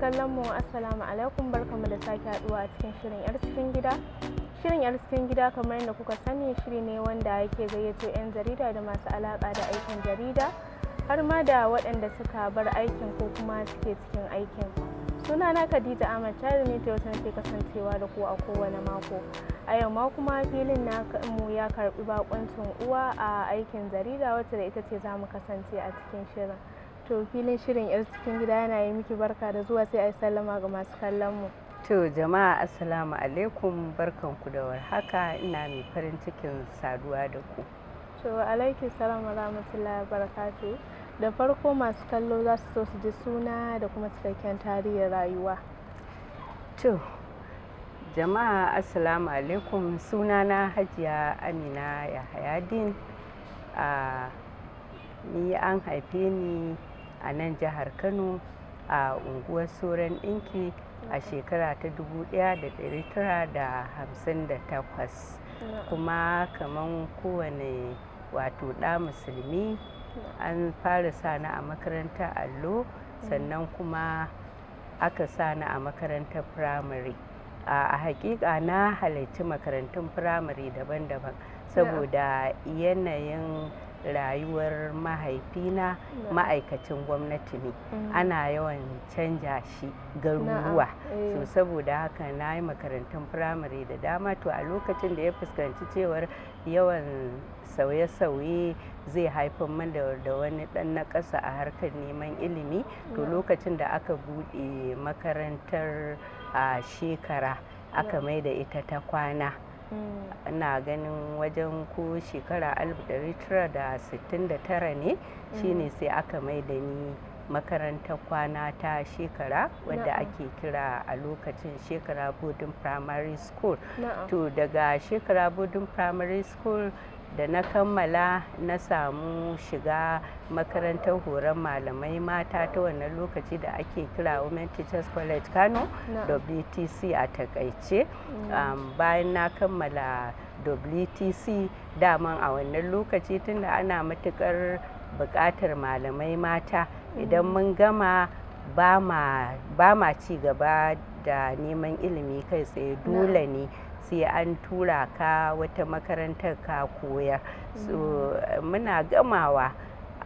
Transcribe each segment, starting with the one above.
kallon mu assalamu alaikum barkamu da sake haduwa a cikin shirin yar cikin gida shirin yar cikin gida kamar yadda kuka sani shiri ne wanda yake gayyato 'yan jarida da masu alaka da aikin jarida har ma da waɗanda suka bar aikin ko kuma suke cikin aikin suna na khadija ahmad tare ne ta yau ke kasancewa da ku a kowane mako a yau ma kuma filin na mu ya karbi bakoncin uwa a aikin jarida wacce da ita ce za mu kasance a cikin shirin To filin shirin 'yar cikin gida yana yi miki barka da zuwa sai a yi sallama ga masu kallon mu. To jama'a assalamu alaikum barkanku da warhaka ina mai farin cikin saduwa da ku. To alaikum salam rahmatullahi barakatu. Da farko masu kallo za su so su ji suna da kuma cikakken tarihin rayuwa. To jama'a assalamu alaikum sunana hajiya amina yahayadin a ah, ni an haife ni a nan jihar kano a unguwar soren dinki a shekara ta 1958 kuma kaman kowane wato ɗa musulmi an fara sani a makarantar allo sannan kuma aka sani a makarantar firamare a hakika na halarci makarantun firamare daban-daban saboda yanayin rayuwar mahaifina ma'aikacin gwamnati ne mm. ana yawan canja shi garuruwa eh. so saboda haka na yi makarantun firamare da dama to a lokacin da ya fuskanci cewar yawan sauye-sauye zai haifar min da wani dan na ƙasa a harkar neman ilimi to lokacin da aka buɗe makarantar a shekara aka mai da ita ta kwana na ganin wajen ko shekara 1969 ne mm. shine sai aka mai da ni makarantar kwana ta shekara wadda ake kira a lokacin shekara bodin primary school to daga shekara bodin primary school da na kammala na samu shiga makarantar horon malamai mata ta wannan lokaci da ake kira women teachers college kano wtc a takaice mm. um, bayan na kammala wtc daman a wannan lokaci tunda ana matukar bukatar malamai mata idan mm. mun gama ba ma ci gaba da neman ilimi kai tsaye dole ne sai an tura ka wata makarantar ka koyar so mm. muna gamawa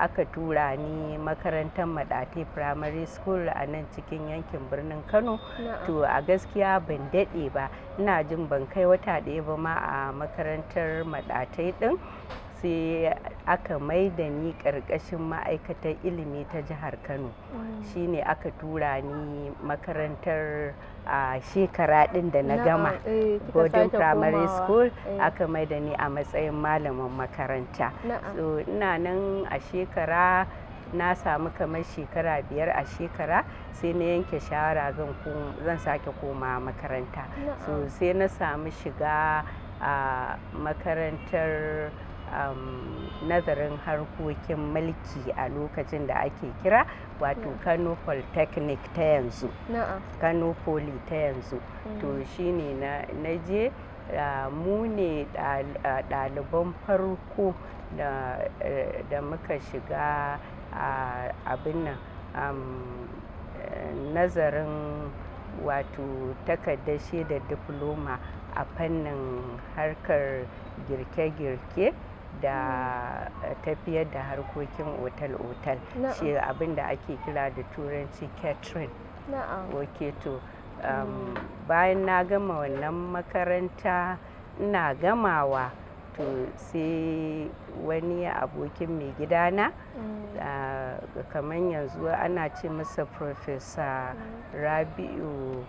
aka tura ni makarantar madate primary school a nan cikin yankin birnin kano to a gaskiya ban daɗe ba ina jin ban kai wata ɗaya ba ma a makarantar madatai ɗin sai aka mai da ni ƙarƙashin ma'aikatar ilimi ta jihar kano mm. shine aka tura ni makarantar a shekara ɗin da na gama Godin eh, primary school eh. aka mai da ni a matsayin malamin makaranta so ina nan a shekara na samu kamar shekara biyar a shekara sai na yanke shawara zan sake koma makaranta so sai na samu shiga a makarantar um, nazarin harkokin mulki a lokacin da ake kira wato hmm. kano polytechnic ta yanzu kano poly ta yanzu to hmm. shine na je mu ne ɗaliban farko da e, muka shiga abin nan e, nazarin wato takardar shaidar diploma a fannin harkar girke-girke da hmm. eh, tafiyar da harkokin otal-otal shi abin da ake kira da turanci catering ok to um, hmm. bayan na gama wannan makaranta ina gamawa to sai wani abokin mai gida na hmm. ah, kamar yanzu ana ce masa professor rabi'u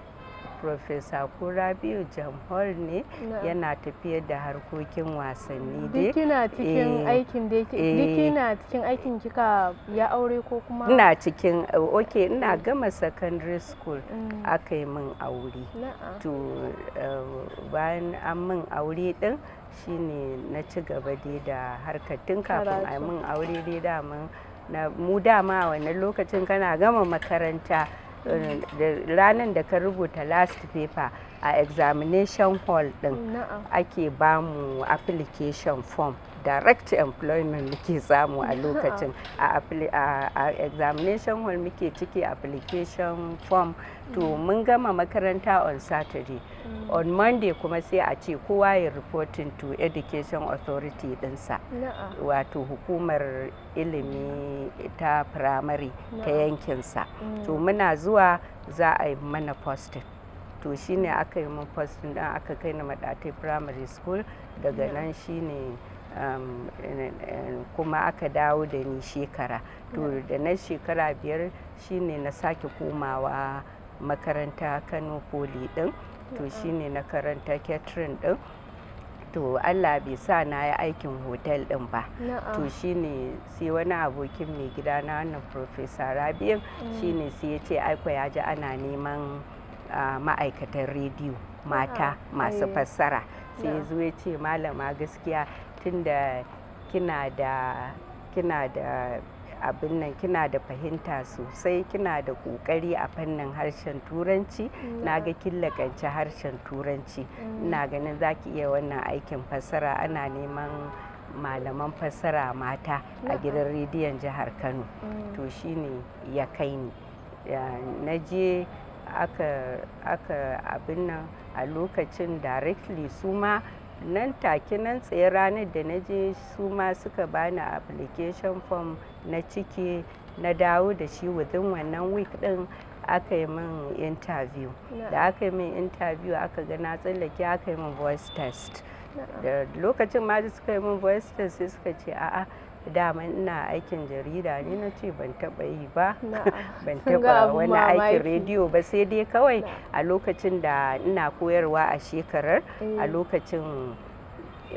Profesa Kura Biyu Jamhur ne yana tafiyar da harkokin wasanni dai. kina cikin eh, aikin dai eh. kina cikin aikin kika ya aure ko kuma? Ina cikin ok ina mm. gama secondary school mm. aka yi min aure. To eh, bayan an min aure din ne na ci gaba dai da harkatun kafin a min aure dai daman mu dama a wannan lokacin kana gama makaranta. ranar da ka rubuta last paper a examination hall din ake bamu application form direct employment muke samu a lokacin a examination hall muke ciki application form to mm. mun gama makaranta on saturday mm. on monday kuma sai a ce kowa ya reporting to education authority dinsa wato hukumar ilimi ta primary ta yankinsa mm. to muna zuwa za a yi mana posting to shine aka yi mun posting don aka kai na madatai primary school daga nan shine Um, kuma aka dawo da ni shekara to da na shekara biyar shine na sake komawa makaranta kano poli ɗin to shine na karanta catering din to allah bai sa na yi aikin hotel ɗin ba to shine sai wani abokin mai gida na wannan professor rabin mm. shine sai ya ce aiko ya ji ana neman ma'aikatan rediyo mata masu eh. fassara sai ya zo ya ce malama gaskiya tunda kina da kina da abin nan kina da fahimta sosai kina da kokari a fannin harshen turanci mm. na ga lakanci harshen turanci mm. ina ganin za ki iya wannan aikin fasara. ana neman malaman fasara mata a gidan rediyon jihar kano mm. to shine ya kai ni na je aka abin nan a lokacin directly su ma nan take nan tsaye ranar da na je su ma suka bani application form na ciki na dawo da shi within wannan week din aka yi min interview da aka yi min interview aka ga na tsallake aka yi min voice test da lokacin ma da suka yi min voice test sai suka ce a'a dama ina aikin jarida ne na ce ban taba yi ba ban taba wani aikin rediyo ba sai dai kawai a lokacin da ina koyarwa a shekarar a eh. lokacin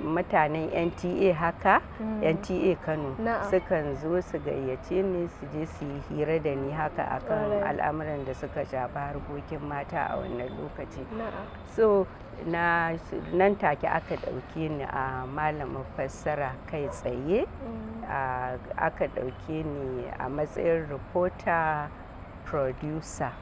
mutanen nta haka mm. nta kano sukan zo su gayyace ni su je su yi hira da ni haka akan al'amuran da suka shafi harkokin mata a wannan lokaci so na nan take aka ɗauke ni a malamin fassara kai tsaye mm. aka ɗauke ni a matsayin reporter producer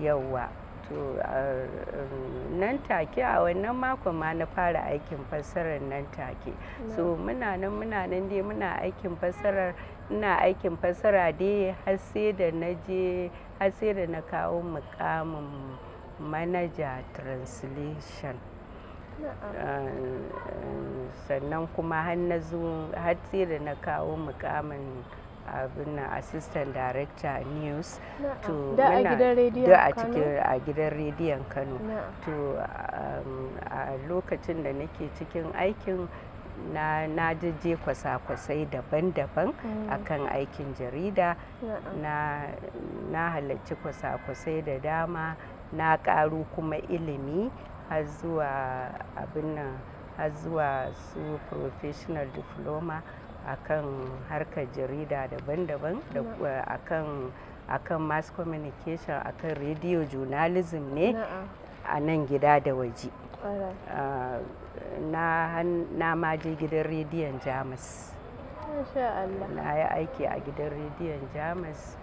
yawwa to um, nan take a wannan makon ma na fara aikin fassarar nan take so muna nan muna nan dai muna aikin fassarar ina aikin fassara dai har sai da na je har sai da na kawo mukamin manager translation ah, sannan kuma har na zo har sai da na kawo mukamin abin assistant director news to da a cikin a gidan rediyon kano to um, a lokacin da nake cikin aikin na na kwasa-kwasai daban-daban mm. akan aikin jarida na na halarci kwasa-kwasai da dama na karu kuma ilimi har zuwa abin nan har zuwa su professional diploma akan harkar jarida daban-daban akan akan mass communication akan radio journalism ne a nan gida da waje ah, na ma je gidan rediyon jamus na yi aiki a gidan rediyon jamus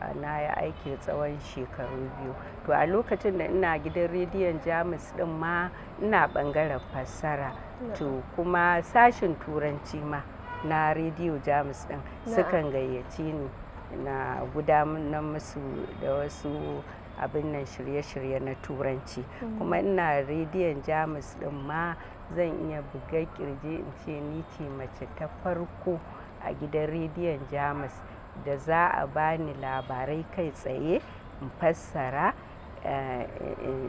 ah, na yi aiki tsawon shekaru biyu to a lokacin da ina gidan rediyon jamus din ma ina bangaren fassara to kuma sashin turanci ma na rediyo jamus din sukan gayyaci ni na gudanar musu da wasu abin nan shirye-shirye na turanci mm. kuma ina rediyon jamus din ma zan iya buga kirji in ce ni ce mace ta farko a gidan rediyon jamus da za a bani labarai kai tsaye in fassara eh,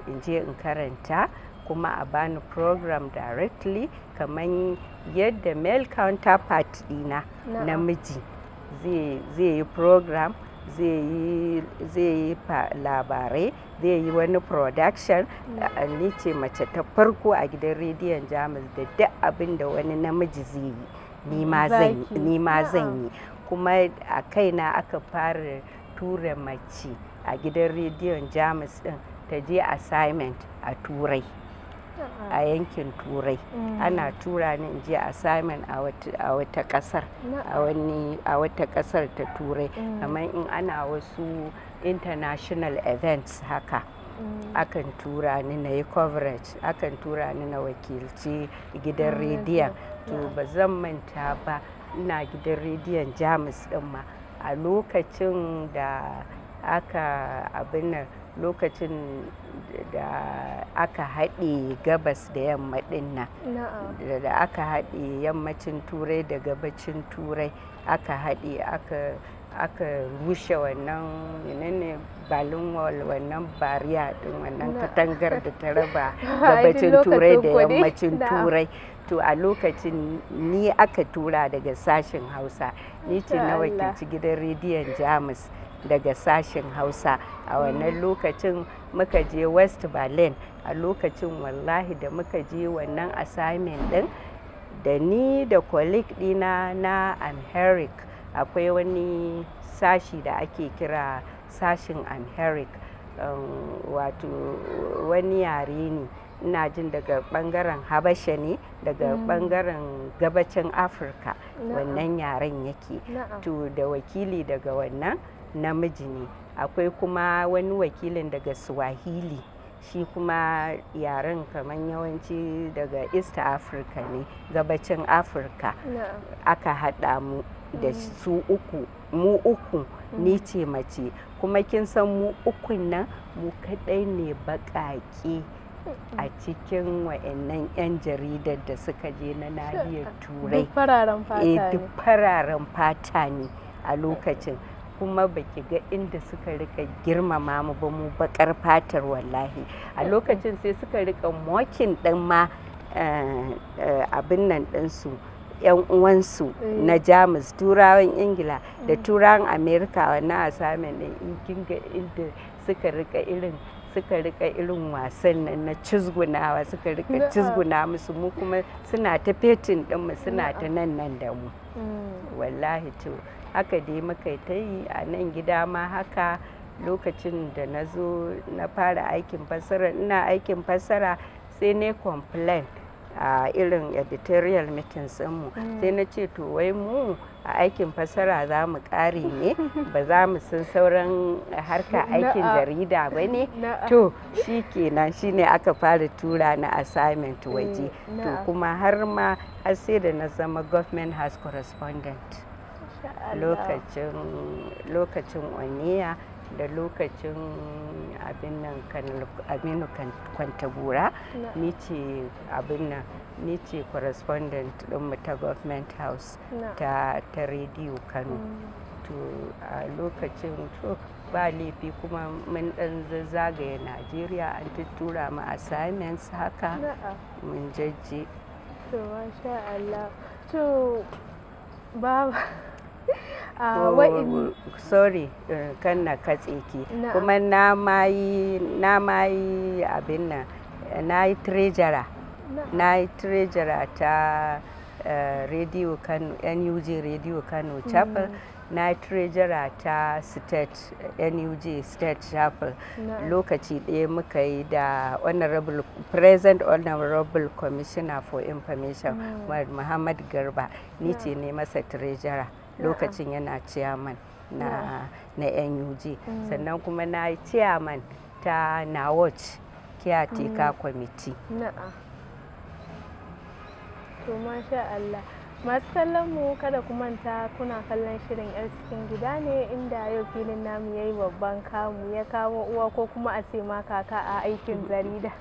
in je in karanta kuma a bani program directly kamar yadda male counterpart dina namiji zai yi program zai yi labarai zai yi wani production ni ce mace ta farko a gidan rediyon jamus da duk abin da wani namiji zai yi ni zan yi kuma a kaina aka fara tura mace a gidan rediyon jamus din ta je assignment a turai a yankin turai mm. ana tura ni in je assignment a wata kasar a wata kasar ta turai mm. kamar in ana wasu international events haka mm. akan tura ni na yi coverage akan tura ni na wakilci gidan rediyon to ba zan manta ba ina gidan rediyon jamus din ma a lokacin da aka abin nan lokacin da aka haɗe gabas da yamma ɗinnan da aka haɗe yammacin turai da gabacin turai aka haɗe aka rushe wannan menene balin wall wannan bariya ɗin wannan katangar da ta raba gabacin turai da yammacin turai to a lokacin ni aka tura daga sashen hausa ni ce na wakilci gidan rediyon jamus daga sashen hausa a wannan mm. lokacin muka je west berlin a lokacin wallahi da muka je wannan assignment din da ni da colleague dina na amharic akwai wani sashi da ake kira sashin amharic um, wato wani yare ne ina jin daga bangaren habasha ne daga bangaren mm. gabacin afirka wannan yaren yake to da wakili daga wannan namiji ne akwai kuma wani wakilin daga swahili shi kuma yaren kamar yawanci daga east africa ne gabacin africa aka haɗa mu da mm. su uku mu uku mm. ni ce mace kuma kin san mu ukun nan mu kaɗai ne baƙaƙe a cikin wa'annan 'yan jaridar da suka je na nahiyar turai eh, duk fararen fata ne a lokacin kuma baki ga inda suka rika girmama mu ba mu bakar fatar wallahi a lokacin sai suka rika mokin din ma eh, eh, abin nan ɗinsu yan uwansu eh. na jamus turawan ingila da mm. turawan amerika wannan assignment kin kinga inda suka rika irin suka rika irin wasan nan na cizgunawa suka rika cizguna musu mu kuma suna ta fetin mu suna ta nan nan da mu mm. wallahi to haka dai muka ta yi a nan gida ma haka lokacin da na zo na fara aikin fassara ina aikin fassara sai na complain a irin editorial meetings mu mm. sai na ce to wai mu a aikin fassara za mu ƙare ne ba za mu san sauran harka aikin jarida ba ne to shi kenan shi ne aka fara tura na assignment waje mm, to kuma har ma har sai da na zama government has correspondent lokacin oniya da lokacin abin nan aminu kwantagura ni ce abin nan ni ce correspondent ɗinmu ta government house ta rediyo kano mm. to a lokacin to ba laifi kuma mun dan zagaye najeriya an tuttura mu assignments haka mun jajje to masha Allah to baba Ah, oh, oh, oh, sorry eh, kan na katse ki kuma na mayi na mayi abin nan eh, na yi trejara na yi trejara ta eh, radio kano nuj radio kano chapel mm. na yi trejara ta state nuj state chapel lokaci ɗaya muka yi da honorable present honorable commissioner for information mm. muhammad garba ni ce ne masa trejara lokacin yana chairman na na NUG mm. sannan kuma na yi chairman ta nawatch caretaker mm. committee to masha Allah masu kallon mu kada ku manta kuna kallon shirin yar cikin gida ne inda yau filin namu yayi babban kamu ya kawo uwa ko kuma a ce ma kaka a aikin jarida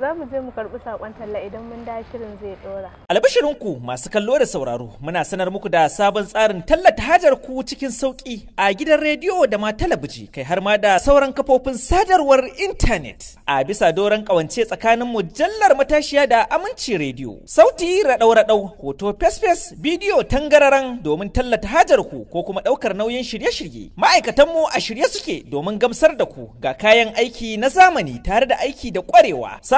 za mu je mu karɓi saƙon talla idan mun da shirin zai ɗora. Albashirinku masu kallo da sauraro muna sanar muku da sabon tsarin tallata hajar ku cikin sauki a gidan rediyo da ma talabiji kai har ma da sauran kafofin sadarwar intanet a bisa doron kawance tsakanin mujallar matashiya da aminci rediyo. Sauti raɗau-raɗau hoto fesfes bidiyo tangararan domin tallata hajar ku ko kuma ɗaukar nauyin shirye-shirye. Ma'aikatanmu a shirye suke domin gamsar da ku ga kayan aiki na zamani tare da aiki da ƙwarewa.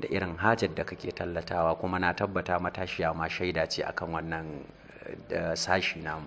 da irin hajar da kake tallatawa kuma na tabbata matashiya ma shaida ce akan wannan eh, sashi namu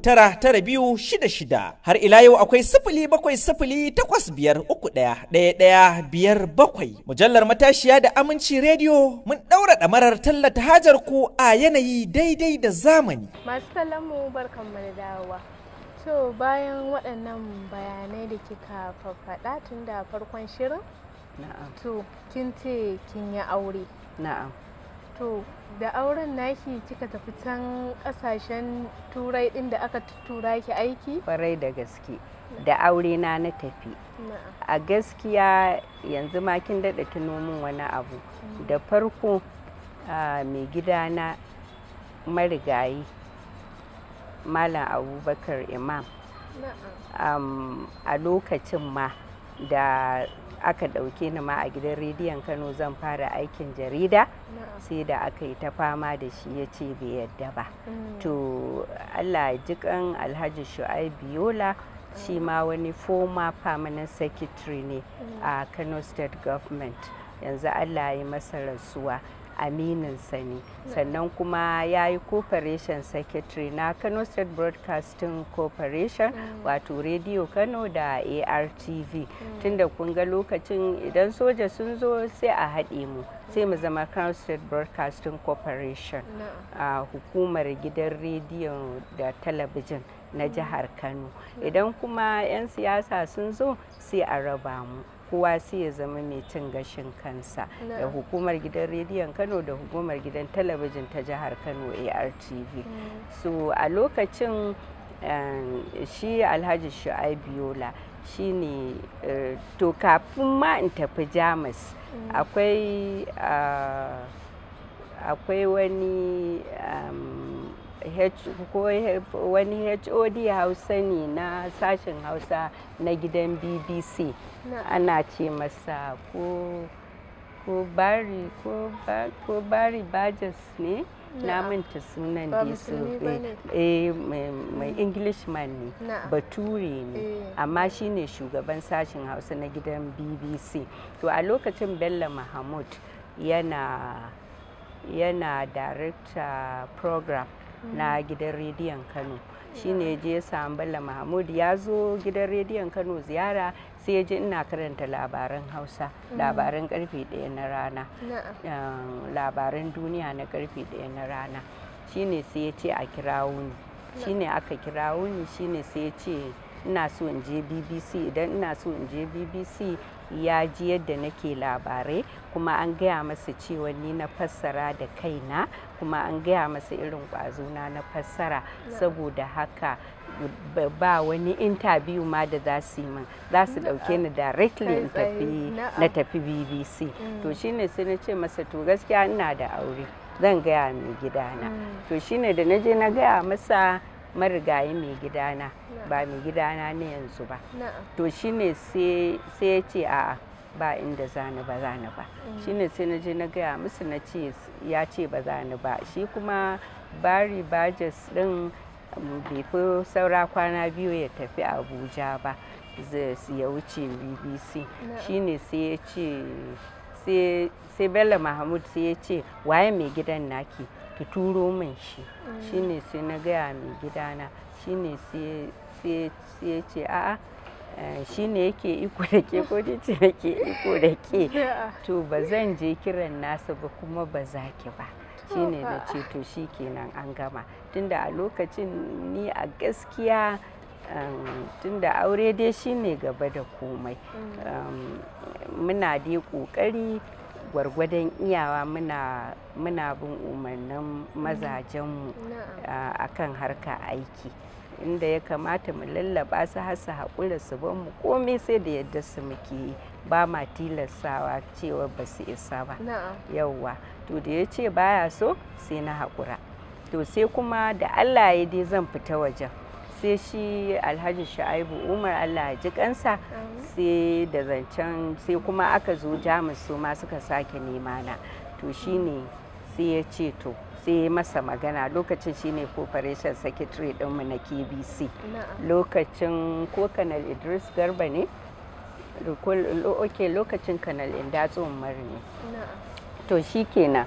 tara tara biyu shida shida har ila yau akwai sifili bakwai sifili takwas biyar uku ɗaya ɗaya ɗaya biyar bakwai mujallar matashiya da aminci rediyo mun ɗaura ɗamarar tallata hajar ku a yanayi daidai da zamani. masu kallon mu barkan mu da dawowa to bayan waɗannan bayanai da kika faɗa tun da farkon shirin to kin ce kin yi aure na'am to da auren naki kika tafi can kasashen turai din da aka tura ki aiki kwarai da gaske mm. da aure na na tafi a gaskiya yanzu ma kin daɗa tuno wani abu mm. da farko mai gida na marigayi malam abubakar imam a lokacin ma da aka ɗauke ni ma a gidan rediyon kano zan fara aikin jarida sai da aka yi ta fama da shi ya ce bai yadda ba mm. to allah jikan alhaji Shu'aibu Yola shi ma wani former permanent secretary ne mm. a kano state government yanzu allah ya masa rasuwa amininsa ne sannan kuma ya yi cooperation secretary na kano state broadcasting corporation mm. wato radio kano da artv mm. tunda kun ga lokacin idan soja sun zo sai a haɗe mu sai mu zama kano state broadcasting corporation a hukumar gidan rediyo da talabijin na mm. jihar kano idan kuma 'yan siyasa sun zo sai a raba mu kowa sai ya zama mai cin gashin kansa da hukumar gidan rediyon kano da hukumar gidan talabijin ta jihar kano artv mm. so a lokacin eh, shi alhaji shu'aibiyola shi ne eh, to kafin ma in tafi jamus mm. eh, akwai wani ko wani hod hausa ne na sashen hausa na gidan bbc ana ce masa ko bari ko bajas ne na manta sunan da su eh, eh, mai englishman ne bature ne eh. amma shine shugaban sashen hausa na gidan bbc to a lokacin bello mahmud yana yana director program na mm. gidan rediyon kano shine je sambala mahmud ya zo gidan rediyon kano ziyara sai ya ji ina karanta labaran hausa mm. labaran karfe daya na rana labaran duniya na karfe daya na rana shine sai ya ce a kirawo ni shine aka kirawo ni shine sai ya ce ina so in je bbc idan ina so in je bbc ya ji yadda nake labarai kuma an gaya masa cewa ni na fassara da kaina kuma an gaya masa irin ƙwazo na fassara saboda haka ba wani interview ma da za su yi min za su dauke ni directly na tafi bbc mm. to shine sai na ce masa to gaskiya ina da aure zan gaya mai gidana mm. to shine da na je na gaya masa marigayi mai gidana ba mai gidana ne yanzu ba to shine sai ya ce a'a ba inda zani ba zani ba mm. shine sai na je na gaya musu na ce ya ce ba zani ba shi kuma bari bajes din um, bai fi saura kwana biyu ya tafi abuja ba ya wuce bbc shine sai ya ce sai bello mahmud sai ya ce waye mai gidan naki ki turo min shi mm. ne sai na gaya mai gidana Shi ne sai ya ce a'a eh, shi ne yake iko da ke ko ce yake iko da ke to ba zan je kiran nasa ba kuma ba za ki ba shi ne da ce to shi kenan an gama tunda a lokacin ni a gaskiya um, tunda aure dai shi ne gaba da komai mm. um, muna dai kokari gwargwadon iyawa muna bin umarnin mazajenmu a kan harka aiki inda ya kamata mu lallaba su har su haƙura su ban mu komai sai da yadda su muke yi ba ma tilastawa cewa ba su isa ba yauwa to da ya ce baya so sai na haƙura to sai kuma da allah ya dai zan fita wajen sai shi alhaji sha'ibu umar allah ji kansa sai da zancen sai kuma aka zo jamus su ma suka sake nema na to shine sai ya ce to sai masa magana lokacin shine corporation secretary dinmu na kbc lokacin ko kanal idris garba ne ok lokacin kanal tsohon mari ne to shi kenan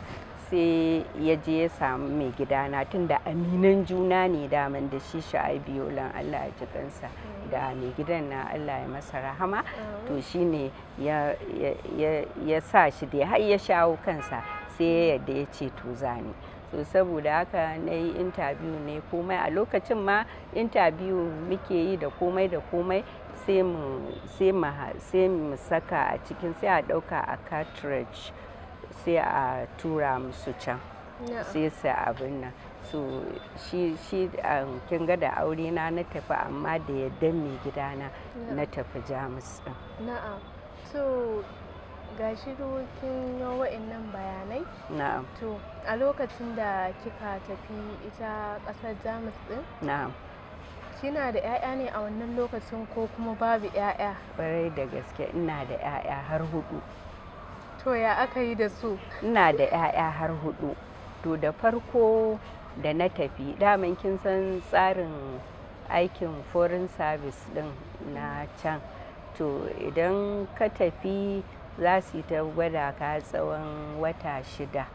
sai ya je ya samu mai gida gidana da aminan juna ne daman da shi sha'abiyolan Allah ya ji kansa da mai gidan na Allah ya masa rahama to shi ne ya sa shi da har ya shawo kansa sai ya yadda ya ce to zani to saboda haka na yi intabiyu ne komai a lokacin ma intabiyu muke yi da komai da komai sai mu saka a cikin sai a dauka a cartridge sai a tura musu can sai su abin nan so shi shi um, kin ga da aure na na tafi amma da yadda mai gidana na tafi jamus din na'am so ga shi kin yi wa'annan bayanai na'am to a lokacin da kika tafi ita kasar jamus din na'am kina da 'ya'ya ne a wannan lokacin ko kuma babu 'ya'ya? Barai da gaske ina da 'ya'ya har hudu to ya aka yi da su ina da 'ya'ya har hudu to da farko da na tafi daman kin san tsarin aikin foreign service din na can to idan ka tafi za su yi ta gwada ka tsawon wata shida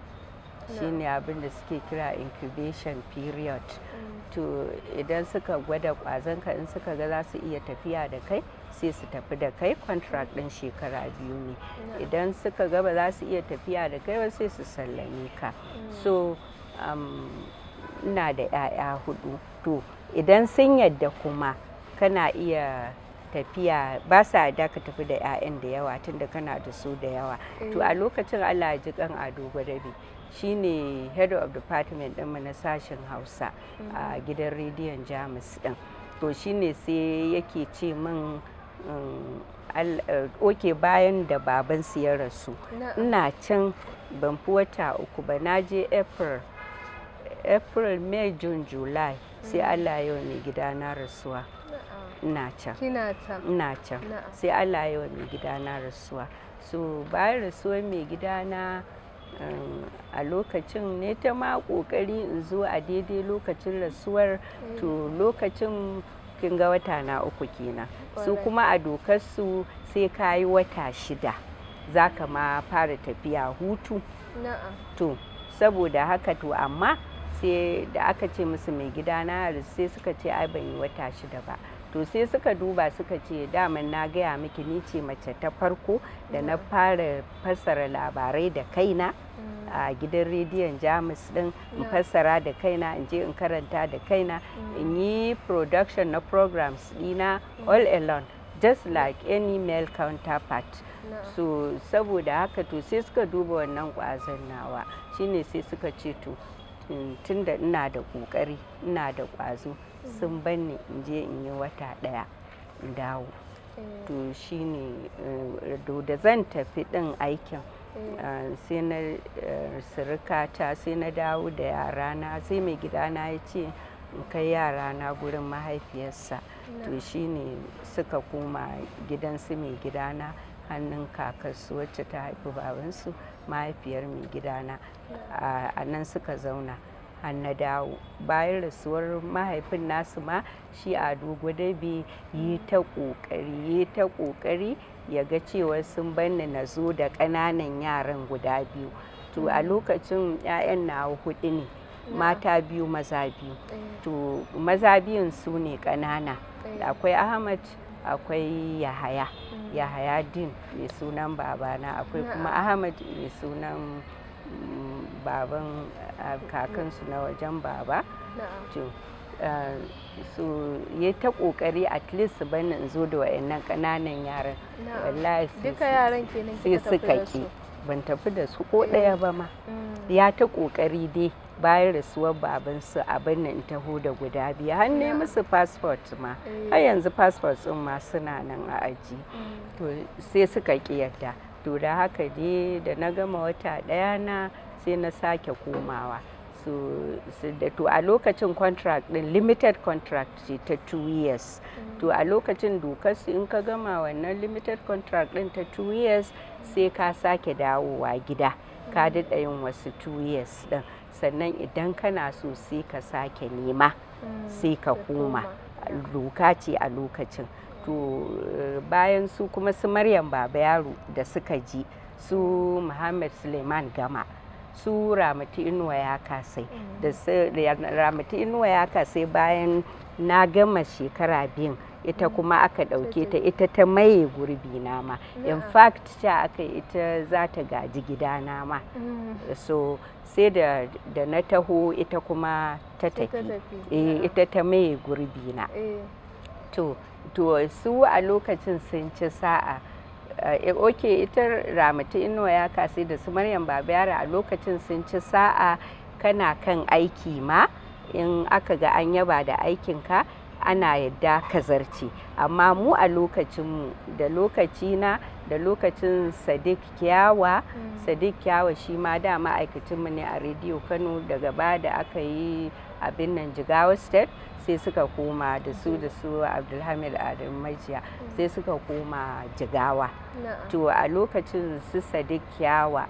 shine abin da suke kira incubation period mm. to idan suka gwada kwazon ka in suka ga za su iya tafiya da kai sai su tafi da kai contract ɗin shekara biyu ne idan suka ga ba za su iya tafiya da kai ba sai su sallame ka mm. so um, ina da 'ya'ya hudu to idan sun yadda kuma kana iya tafiya ba sa da ka tafi da 'ya'yan da yawa tunda kana da su da yawa eh. to a lokacin allah ji kan ado shi ne head of department ɗinmu na sashen hausa a mm. gidan rediyon jamus ɗin to ne sai yake ce min Eh, oke bayan da babansu ya rasu ina can ban fi wata uku ba na je april april may june july sai mm. allah yau mai gida na rasuwa ina can ina can sai allah yau mai gida na rasuwa so bayan rasuwar mai gida na eh, a lokacin ne ta ma kokari in zo a daidai lokacin rasuwar eh. to lokacin kin ga wata na uku kenan su kuma a dokar su sai kayi wata shida za ka ma fara tafiya hutu to saboda haka to amma sai da aka ce musu mai gida na sai suka ce ai ban yi wata shida ba to sai suka duba suka ce daman na gaya miki ni ce mace ta farko da na fara fassara labarai da kaina Mm. a gidan rediyon jamus din in fassara da kaina in je in karanta da kaina mm. in yi production na programs dina mm. all alone just like any male counterpart so saboda haka to sai suka duba wannan kwazon nawa shine sai suka ce to tun da ina da kokari ina da kwazo sun banni in je in yi wata daya in dawo eh. to shine eh, da zan tafi din aikin Eh. Ah, sai na eh, ta sai na dawo da yarana sai mai gidana ya ce in kai yarana gurin mahaifiyarsa to shine suka koma gidansu mai gidana hannun kakarsu wacce ta haifi babansu mahaifiyar mai gidana ah, a nan suka zauna na dawo bayan rasuwar mahaifin nasu ma shi a dogo da yi ta kokari yi ta kokari ya ga cewar sun banni na zo da ƙananan yaran guda biyu to a mm. lokacin 'ya'yan na hudu ne mm. mata biyu maza biyu mm. to maza biyun su ne ƙanana akwai ahmad akwai yahaya yahaya din mai sunan babana akwai kuma ahmad mai sunan baban kakansu na wajen baba so ya ta kokari at least su bani in zo da wayannan kananan yaran wallahi duka yaran kenan sai suka ki ban tafi da su ko daya ba ma mm. ya ta kokari dai bayan rasuwar babansu abin nan taho da guda biyu har ne musu passport ma eh. har yanzu passport din ma suna nan a aji mm. to sai suka ki yarda to da haka dai da na gama wata daya na sai na sake komawa su da to a lokacin contract din limited contract ce ta two years to a lokacin dokar su in ka gama wannan limited contract din ta two years sai ka sake dawowa gida ka daɗa yin wasu two years din sannan idan kana so sai ka sake nema sai ka koma doka ce a lokacin to eh, bayan su kuma su maryam baba yaro da suka ji su muhammad suleiman gama su ramatu inuwa ya kasai mm. da ramatu inuwa ya kasai bayan na gama shekara biyun ita mm. kuma aka ɗauke ta ita ta maye gurbi na ma in fact ta aka ita za ta gaji gida na ma mm. so sai da, na taho ita kuma ta tafi eh, ita ta maye gurbi na eh. to su a lokacin sun ci sa'a Eh, ok ita ramatu inuwa ya kasi da su maryam babayara a lokacin sun ci sa'a kana kan aiki ma in aka ga an yaba da aikinka ana yadda ka zarce amma mu a lokacin mu da lokaci na da lokacin sadiq kyawa mm. sadiq kyawa shi ma da ma'aikacinmu ne a rediyo kano daga ba da aka yi abin nan jigawa state sai suka koma da su da su abdulhamid adam majiya sai suka koma jigawa to a lokacin su sadiq Yawa,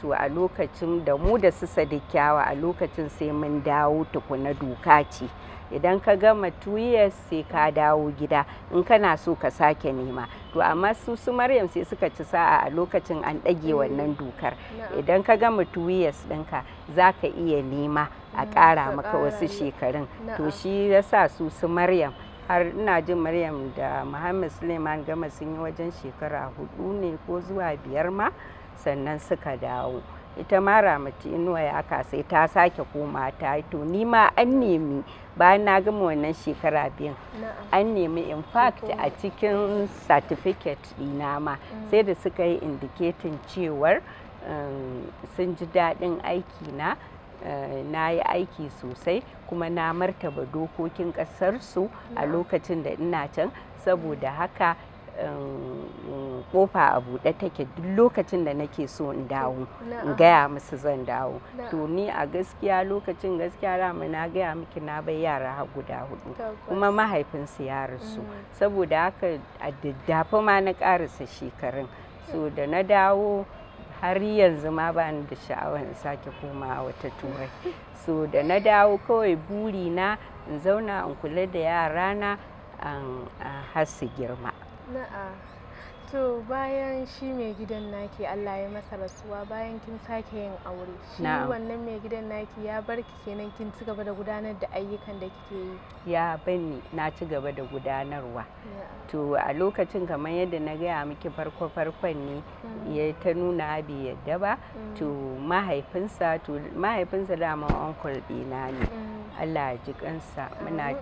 to a lokacin da mu da su Yawa a lokacin sai mun dawo tukuna doka ce idan ka gama two years sai ka dawo gida in kana so ka sake nema to amma su su maryam sai suka ci sa'a a lokacin an ɗage mm. wannan dokar idan ka gama two years ɗinka za ka iya nema a ƙara maka wasu shekarun to shi ya sa su su maryam har ina jin maryam da muhammad suleiman gama sun yi wajen shekara hudu ne ko zuwa biyar ma sannan suka dawo ita ma ramatu inuwa ya aka sai ta sake koma ta to ni ma an nemi bayan na gama wannan shekara biyan an nemi in fact a cikin certificate dina ma mm. sai da suka yi indicating cewar um, sun ji daɗin aiki na Eh, na yi aiki sosai kuma na martaba dokokin ƙasarsu a lokacin da ina can saboda haka kofa um, a buɗe take duk lokacin da nake so in dawo in gaya musu zan dawo to ni a gaskiya lokacin gaskiya rama na gaya miki na bai yara ha guda hudu kuma mahaifinsu ya rasu mm. saboda haka a daddafa ma na ƙarasa shekarun so da na dawo har yanzu ma ba ni da sha'awar in sake koma wata turai so da na dawo kawai buri na in zauna in kula da yara na um, an hasu girma to bayan shi mai gidan naki Allah ya masa rasuwa bayan kin sake yin aure shi wannan mai gidan naki ya bar ki kenan kin ci gaba da gudanar da ayyukan da kike yi ya bani na ci gaba da gudanarwa to a lokacin kamar yadda na gaya miki farko farkon ne mm. ya ta nuna bai yadda ba mm. to mahaifinsa to mahaifinsa dama uncle ɗina ne mm. Allah ji kansa muna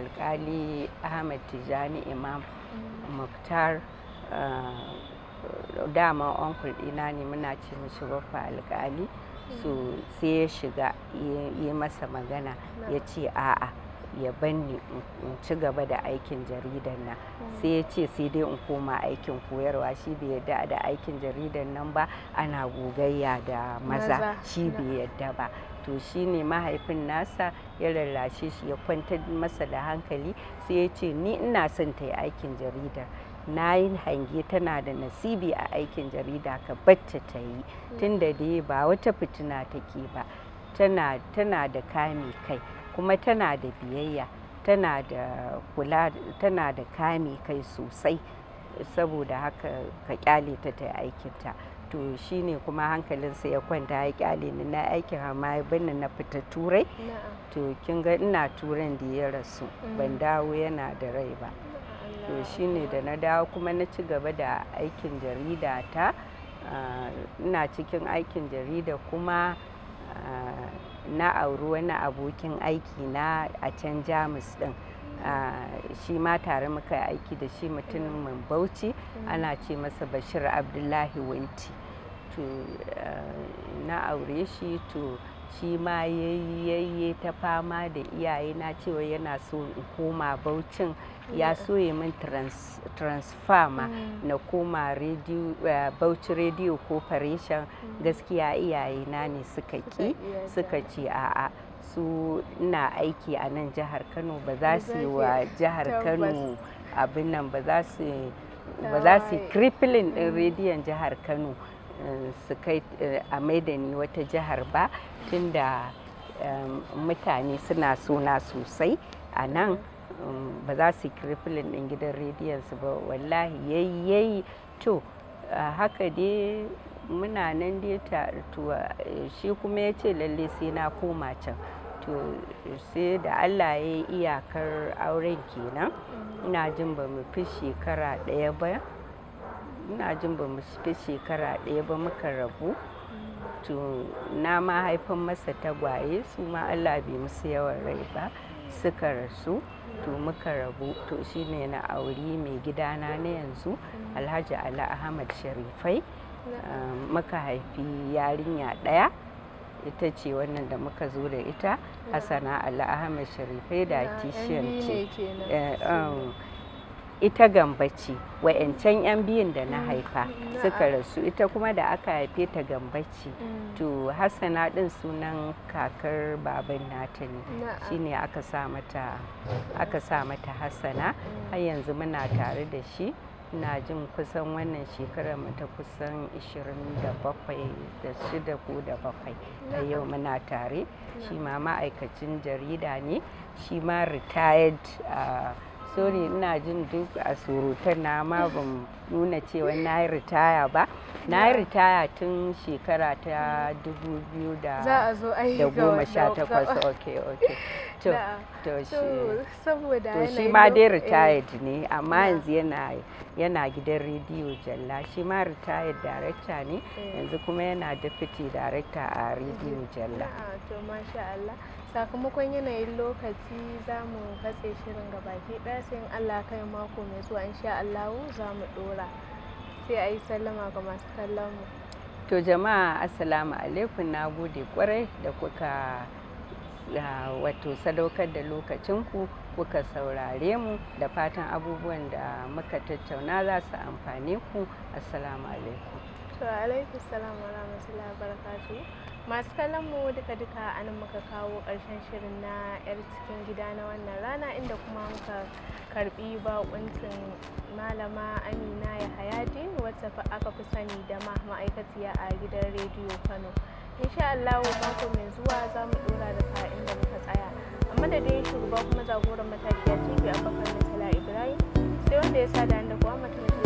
alkali Ahmad Tijani Imam Muktar Eh, dama onkul ɗina ne muna ce mishi bafa alƙali su sai ya shiga ya masa magana ya ce a'a ya banni in ci gaba da aikin jaridan nan sai ya ce sai dai in koma aikin koyarwa shi bai yadda da aikin jaridan nan ba ana gogayya da maza shi bai yadda ba to shi ne mahaifin nasa ya lalace shi ya kwantar masa da hankali sai ya ce ni ina son ta yi aikin jaridar na yi hange tana da nasibi a aikin jarida ka bacce ta yi mm. tun da dai ba wata fitina take ba tana, da kame kai kuma tana da biyayya tana da tana da kame kai sosai saboda haka ka kyale ta ta aikinta to shine kuma hankalinsa ya kwanta ya kyale ni na aikin hama ya na fita turai to kin ga ina turan da ya rasu ban mm. dawo yana da rai ba to shine da na dawo kuma na ci gaba da aikin jarida ta ah, ina cikin aikin jarida kuma ah, na auri wani abokin aiki na a can jamus din ah, shi ma tare muka aiki da shi mutumin bauchi ana ce masa bashir abdullahi winti to na aure shi to shi ma yayi ta fama da iyaye na cewa yana so in koma baucin ya so ya min transfama mm. na koma eh, bauchi radio corporation mm. gaskiya iyaye na ne suka ki suka ce a'a su na aiki a nan jihar kano ba za su yi wa jihar kano abin nan ba za su yi crippling din mm. rediyon jihar kano eh, su kai eh, a maidani wata jihar ba tunda mutane suna suna sosai a nan Um, ba za su filin ɗin gidan rediyonsu ba wallahi yayyayi to haka dai muna nan dai tuwa shi kuma ya ce lalle sai na koma can to sai da allah ya yi iyakar auren kenan ina jin ba mu fi shekara ɗaya ba ina jin ba mu fi shekara ɗaya ba muka rabu to na ma haifan masa tagwaye su ma allah bai musu yawan rai ba suka rasu to muka rabu to shine na auri mai gidana na yanzu mm. alhaji ala ahmad sharifai muka haifi yarinya ɗaya ita ce wannan da muka zo da ita hassana ala ahmad sharifai da tishiyan ce ita gambaci wa'yancan 'yan biyun da na haifa suka rasu ita kuma da aka haife ta gambaci mm. to hassana din sunan kakar baban nata ne shine aka aka sa mata hassana mm. har yanzu muna tare da shi na jin kusan wannan shekarar mata kusan 27 da shida ko da bakwai a yau muna tare shi ma ma'aikacin jarida ne shi ma retired ah, sorry ina jin duk a surutan na ma ban nuna cewa na yi ritaya ba na yi ritaya tun shekara ta 2018 ok ok to to shi shi ma dai eh. retired ne amma yanzu yana yana gidan rediyo jalla shi ma retired director ne eh. yanzu kuma yana deputy director a rediyo jalla to masha Allah sakamakon yanayin lokaci za mu katse shirin gabaki ɗaya sai in allah kai mako mai zuwa in sha allahu za mu ɗora sai a yi sallama ga masu kallon mu to jama'a assalamu alaikum na gode kwarai da kuka ah, wato sadaukar da ku kuka saurare mu da fatan abubuwan da muka tattauna za su amfane ku assalamu alaikum to alaikum salam wa rahmatullahi wa masu kallon mu duka duka a nan muka kawo ƙarshen shirin na 'yar cikin gida na wannan rana inda kuma muka karbi bakuncin malama amina ya yahayaji wacce aka fi sani da ma ma'aikaciya a gidan rediyo kano insha allahu mako mai zuwa za mu dora da ka inda muka tsaya a madadin shugaba kuma jagoran matakiya tv a mai misala ibrahim sai wanda ya sada da kuwa mutum